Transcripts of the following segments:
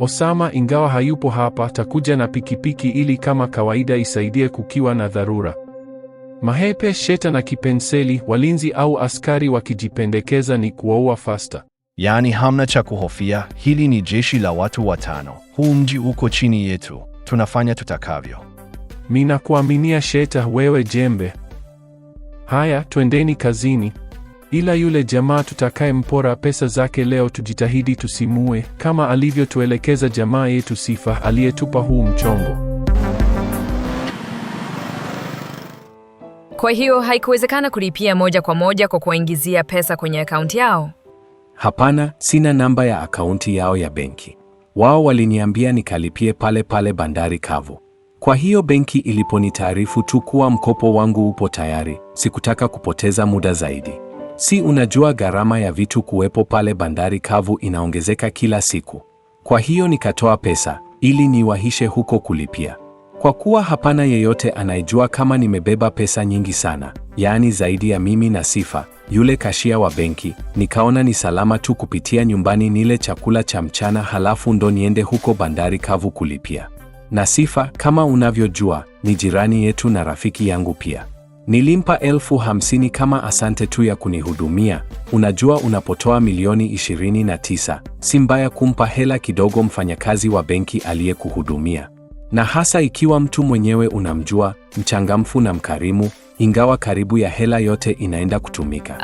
Osama ingawa hayupo hapa, takuja na pikipiki ili kama kawaida isaidie kukiwa na dharura. Mahepe, Sheta na Kipenseli, walinzi au askari wakijipendekeza, ni kuwaua Fasta. Yaani hamna cha kuhofia, hili ni jeshi la watu watano. Huu mji uko chini yetu, tunafanya tutakavyo. Minakuaminia Sheta, wewe jembe. Haya, twendeni kazini. Ila yule jamaa mpora pesa zake leo tujitahidi tusimue, kama alivyotuelekeza jamaa yetu Sifa aliyetupa huu mchongo. Kwa hiyo haikuwezekana kulipia moja kwa moja kwa kuwaingizia pesa kwenye akaunti yao? Hapana, sina namba ya akaunti yao ya benki. Wao waliniambia nikalipie pale pale bandari kavu. Kwa hiyo benki iliponitaarifu tu kuwa mkopo wangu upo tayari, sikutaka kupoteza muda zaidi. Si unajua gharama ya vitu kuwepo pale bandari kavu inaongezeka kila siku. Kwa hiyo nikatoa pesa ili niwahishe huko kulipia. Kwa kuwa hapana yeyote anayejua kama nimebeba pesa nyingi sana, yaani zaidi ya mimi na Sifa, yule kashia wa benki, nikaona ni salama tu kupitia nyumbani nile chakula cha mchana halafu ndo niende huko bandari kavu kulipia. Na Sifa, kama unavyojua, ni jirani yetu na rafiki yangu pia. Nilimpa elfu hamsini kama asante tu ya kunihudumia. Unajua, unapotoa milioni 29 si mbaya kumpa hela kidogo mfanyakazi wa benki aliyekuhudumia, na hasa ikiwa mtu mwenyewe unamjua, mchangamfu na mkarimu, ingawa karibu ya hela yote inaenda kutumika.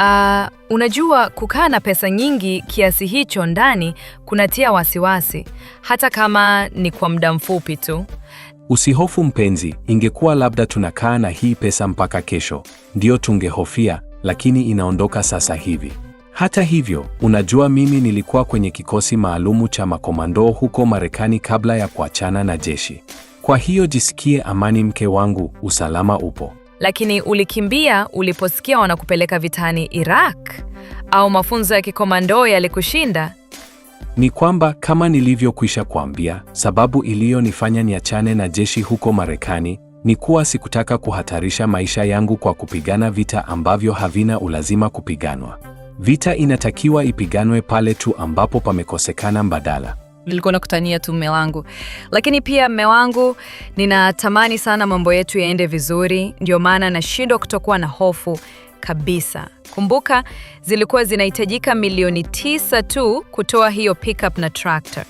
Uh, unajua kukaa na pesa nyingi kiasi hicho ndani kunatia wasiwasi, hata kama ni kwa muda mfupi tu. Usihofu mpenzi, ingekuwa labda tunakaa na hii pesa mpaka kesho, ndiyo tungehofia, lakini inaondoka sasa hivi. Hata hivyo, unajua mimi nilikuwa kwenye kikosi maalumu cha makomando huko Marekani kabla ya kuachana na jeshi. Kwa hiyo jisikie amani mke wangu, usalama upo. Lakini ulikimbia uliposikia wanakupeleka vitani Iraq? Au mafunzo ya kikomando yalikushinda? Ni kwamba kama nilivyokwisha kuambia, sababu iliyonifanya niachane na jeshi huko Marekani ni kuwa sikutaka kuhatarisha maisha yangu kwa kupigana vita ambavyo havina ulazima kupiganwa. Vita inatakiwa ipiganwe pale tu ambapo pamekosekana mbadala. Nilikuwa nakutania tu mme wangu, lakini pia mme wangu, ninatamani sana mambo yetu yaende vizuri, ndio maana nashindwa kutokuwa na hofu kabisa. Kumbuka, zilikuwa zinahitajika milioni tisa tu kutoa hiyo pickup na tractor,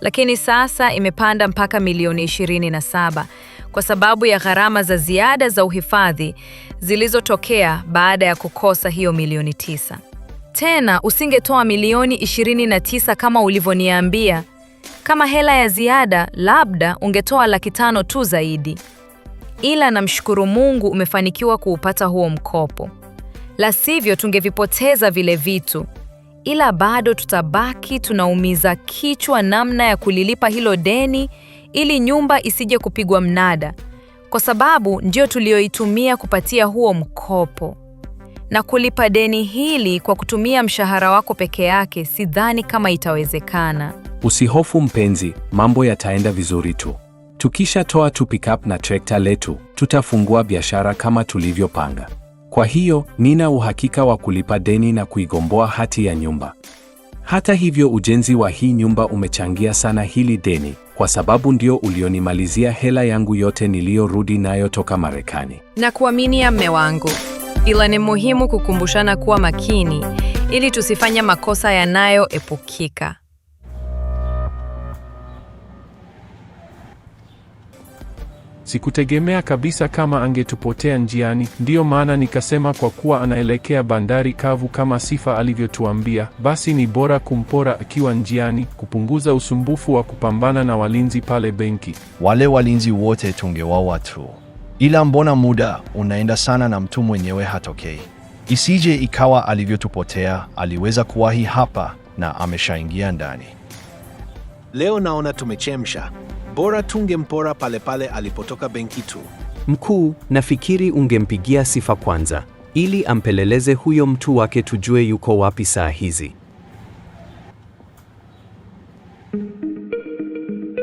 lakini sasa imepanda mpaka milioni 27 kwa sababu ya gharama za ziada za uhifadhi zilizotokea baada ya kukosa hiyo milioni tisa. Tena usingetoa milioni 29 kama ulivyoniambia. Kama hela ya ziada, labda ungetoa laki tano tu zaidi, ila namshukuru Mungu umefanikiwa kuupata huo mkopo la sivyo tungevipoteza vile vitu, ila bado tutabaki tunaumiza kichwa namna ya kulilipa hilo deni ili nyumba isije kupigwa mnada, kwa sababu ndio tuliyoitumia kupatia huo mkopo. Na kulipa deni hili kwa kutumia mshahara wako peke yake, sidhani kama itawezekana. Usihofu mpenzi, mambo yataenda vizuri tu. Tukishatoa tu pickup na trekta letu, tutafungua biashara kama tulivyopanga. Kwa hiyo nina uhakika wa kulipa deni na kuigomboa hati ya nyumba. Hata hivyo, ujenzi wa hii nyumba umechangia sana hili deni, kwa sababu ndio ulionimalizia hela yangu yote niliyorudi nayo toka Marekani. Na kuaminia mme wangu, ila ni muhimu kukumbushana kuwa makini ili tusifanya makosa yanayoepukika. Sikutegemea kabisa kama angetupotea njiani, ndiyo maana nikasema kwa kuwa anaelekea bandari kavu kama Sifa alivyotuambia, basi ni bora kumpora akiwa njiani, kupunguza usumbufu wa kupambana na walinzi pale benki. Wale walinzi wote tungewaua tu, ila mbona muda unaenda sana na mtu mwenyewe hatokei? Isije ikawa alivyotupotea aliweza kuwahi hapa na ameshaingia ndani. Leo naona tumechemsha. Bora tungempora pale alipotoka benki tu. Mkuu, nafikiri ungempigia sifa kwanza ili ampeleleze huyo mtu wake, tujue yuko wapi saa hizi.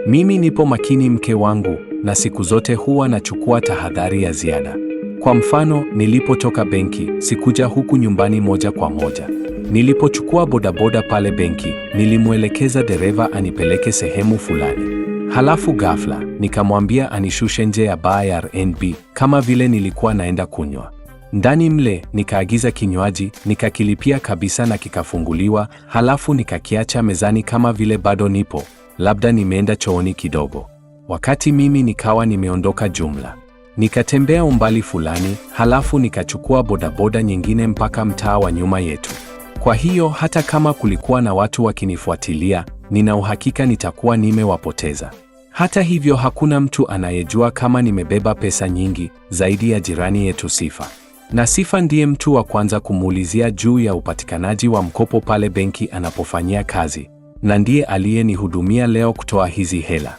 Mimi nipo makini, mke wangu, na siku zote huwa nachukua tahadhari ya ziada. Kwa mfano, nilipotoka benki sikuja huku nyumbani moja kwa moja. Nilipochukua bodaboda pale benki, nilimwelekeza dereva anipeleke sehemu fulani. Halafu ghafla nikamwambia anishushe nje ya baa ya RNB kama vile nilikuwa naenda kunywa. Ndani mle nikaagiza kinywaji, nikakilipia kabisa na kikafunguliwa, halafu nikakiacha mezani kama vile bado nipo, labda nimeenda chooni kidogo. Wakati mimi nikawa nimeondoka jumla. Nikatembea umbali fulani, halafu nikachukua bodaboda nyingine mpaka mtaa wa nyuma yetu. Kwa hiyo hata kama kulikuwa na watu wakinifuatilia, nina uhakika nitakuwa nimewapoteza. Hata hivyo, hakuna mtu anayejua kama nimebeba pesa nyingi zaidi ya jirani yetu Sifa. Na Sifa ndiye mtu wa kwanza kumuulizia juu ya upatikanaji wa mkopo pale benki anapofanyia kazi, na ndiye aliyenihudumia leo kutoa hizi hela.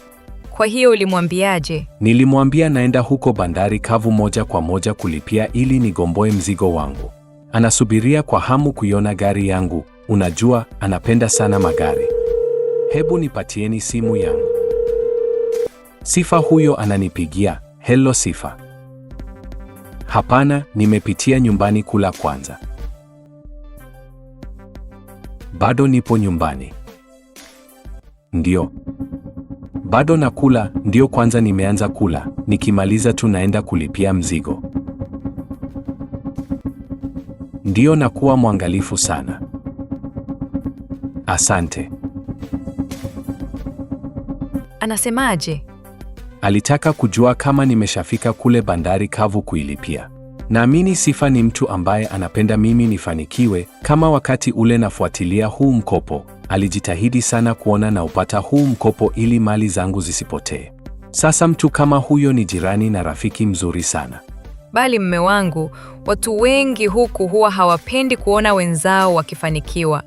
Kwa hiyo ulimwambiaje? Nilimwambia naenda huko bandari kavu moja kwa moja kulipia ili nigomboe mzigo wangu. Anasubiria kwa hamu kuiona gari yangu. Unajua anapenda sana magari. Hebu nipatieni simu yangu. Sifa huyo ananipigia, hello Sifa. Hapana, nimepitia nyumbani kula kwanza. Bado nipo nyumbani? Ndio, bado nakula. Ndio, kwanza nimeanza kula, nikimaliza tu naenda kulipia mzigo. Ndio, nakuwa mwangalifu sana. Asante. Anasemaje? Alitaka kujua kama nimeshafika kule bandari kavu kuilipia. Naamini Sifa ni mtu ambaye anapenda mimi nifanikiwe, kama wakati ule nafuatilia huu mkopo, alijitahidi sana kuona na upata huu mkopo ili mali zangu zisipotee. Sasa mtu kama huyo ni jirani na rafiki mzuri sana. Bali mme wangu, watu wengi huku huwa hawapendi kuona wenzao wakifanikiwa.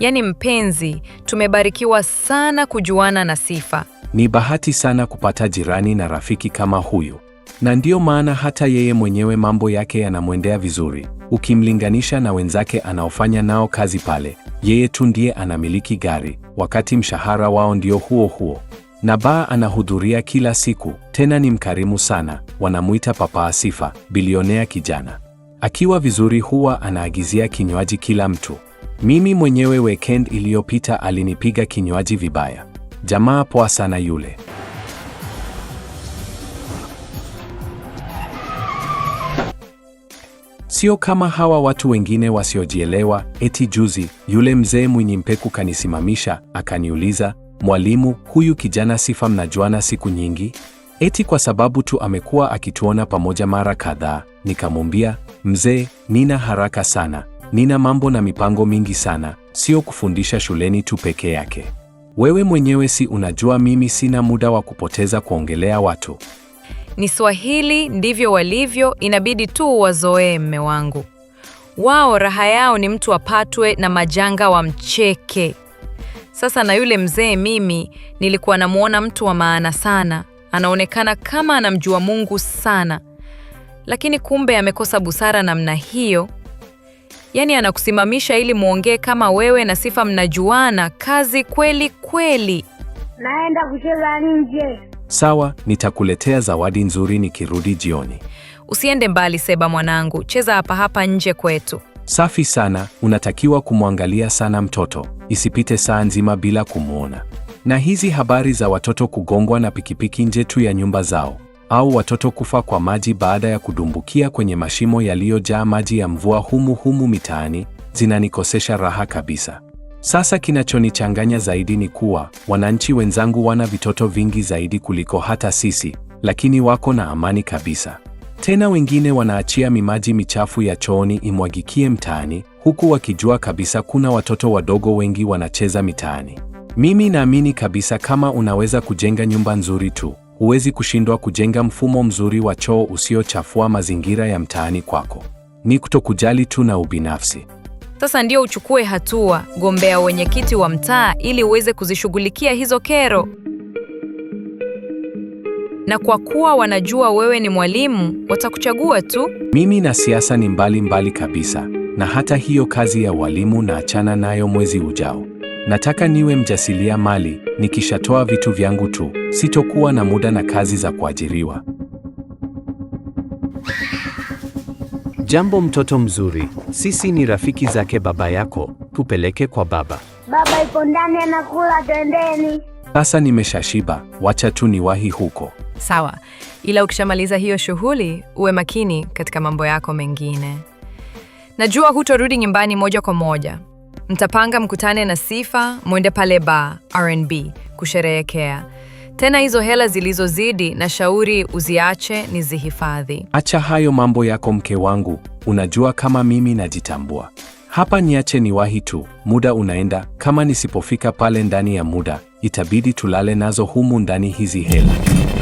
Yaani mpenzi, tumebarikiwa sana kujuana na Sifa. Ni bahati sana kupata jirani na rafiki kama huyu, na ndiyo maana hata yeye mwenyewe mambo yake yanamwendea vizuri. Ukimlinganisha na wenzake anaofanya nao kazi pale, yeye tu ndiye anamiliki gari, wakati mshahara wao ndio huo huo. Na baa anahudhuria kila siku, tena ni mkarimu sana. Wanamuita Papa Asifa, bilionea kijana. Akiwa vizuri huwa anaagizia kinywaji kila mtu. Mimi mwenyewe weekend iliyopita alinipiga kinywaji vibaya. Jamaa poa sana yule. Sio kama hawa watu wengine wasiojielewa. Eti juzi yule mzee Mwinyi Mpeku kanisimamisha akaniuliza, mwalimu, huyu kijana Sifa mnajuana siku nyingi? Eti kwa sababu tu amekuwa akituona pamoja mara kadhaa. Nikamwambia, mzee, nina haraka sana, nina mambo na mipango mingi sana, sio kufundisha shuleni tu peke yake. Wewe mwenyewe si unajua mimi sina muda wa kupoteza kuongelea watu. Ni Swahili ndivyo walivyo, inabidi tu wazoee mme wangu. Wao raha yao ni mtu apatwe na majanga wamcheke. Sasa na yule mzee mimi nilikuwa namuona mtu wa maana sana, anaonekana kama anamjua Mungu sana. Lakini kumbe amekosa busara namna hiyo yaani anakusimamisha ili muongee kama wewe na Sifa mnajuana kazi kweli kweli. Naenda kucheza nje. Sawa, nitakuletea zawadi nzuri nikirudi jioni. Usiende mbali Seba mwanangu, cheza hapa hapa nje kwetu. Safi sana, unatakiwa kumwangalia sana mtoto, isipite saa nzima bila kumwona. Na hizi habari za watoto kugongwa na pikipiki nje tu ya nyumba zao au watoto kufa kwa maji baada ya kudumbukia kwenye mashimo yaliyojaa maji ya mvua humu humu mitaani zinanikosesha raha kabisa. Sasa kinachonichanganya zaidi ni kuwa wananchi wenzangu wana vitoto vingi zaidi kuliko hata sisi, lakini wako na amani kabisa. Tena wengine wanaachia mimaji michafu ya chooni imwagikie mtaani, huku wakijua kabisa kuna watoto wadogo wengi wanacheza mitaani. Mimi naamini kabisa kama unaweza kujenga nyumba nzuri tu huwezi kushindwa kujenga mfumo mzuri wa choo usiochafua mazingira ya mtaani kwako. Ni kutokujali tu na ubinafsi. Sasa ndio uchukue hatua, gombea wenyekiti wa mtaa ili uweze kuzishughulikia hizo kero. Na kwa kuwa wanajua wewe ni mwalimu, watakuchagua tu. Mimi na siasa ni mbali mbali kabisa, na hata hiyo kazi ya walimu naachana nayo mwezi ujao. Nataka niwe mjasilia mali nikishatoa vitu vyangu tu, sitokuwa na muda na kazi za kuajiriwa. Jambo mtoto mzuri, sisi ni rafiki zake baba yako, tupeleke kwa baba. Baba ipo ndani anakula, twendeni. Sasa nimeshashiba, wacha tu niwahi huko. Sawa, ila ukishamaliza hiyo shughuli uwe makini katika mambo yako mengine. Najua hutorudi nyumbani moja kwa moja. Mtapanga mkutane na Sifa, mwende pale ba R&B kusherehekea. Tena hizo hela zilizozidi na shauri uziache, ni zihifadhi. Acha hayo mambo yako, mke wangu, unajua kama mimi najitambua. Hapa niache niwahi tu, muda unaenda. Kama nisipofika pale ndani ya muda, itabidi tulale nazo humu ndani hizi hela.